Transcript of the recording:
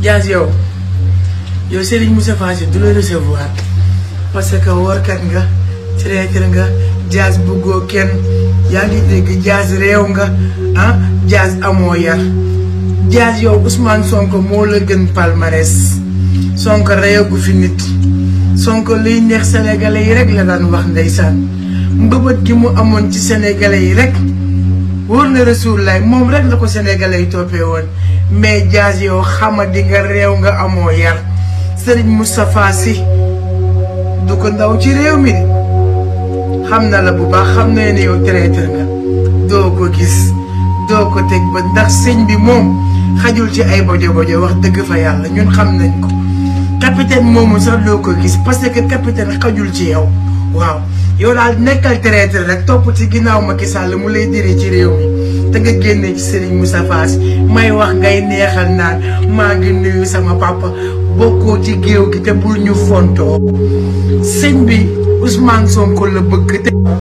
Diaz yow yow Serigne Moustapha Sy du la recevoir parce que warkat nga traître nga Diaz bëggoo kenn yaa ngi dégg Diaz réew nga ah Diaz amoo yar Diaz yow Ousmane Sonko moo la gën palmarès Sonko reyagu fi nit Sonko liy neex sénégalais yi rek la daan wax ndeysaan mbëbët gi mu amoon ci sénégalais yi rek wóor na Rasulullah moom rek la ko sénégalais yi toppee woon mais jaas yow xamadi nga réew nga amoo yar sëriñ Moustapha si du ko ndaw ci réew mi xam na la bu baax xam na ne yow traiteur nga doo ko gis doo ko teg ba ndax sëñ bi moom xajul ci ay bojo bojo wax dëgg fa yàlla ñun xam nañ ko capitaine moomu sax doo ko gis parce que capitaine xajul ci yow waaw yow daal nekkal traître rek topp ci ginnaaw Macky Sall mu lay diri ci réew mi te nga génne ci Serigne Moussa Fass may wax ngay neexal naan maa ngi nuyu sama papa bokkoo ci géew gi te bul ñu fontoo sëñ bi Ousmane Sonko la bëgg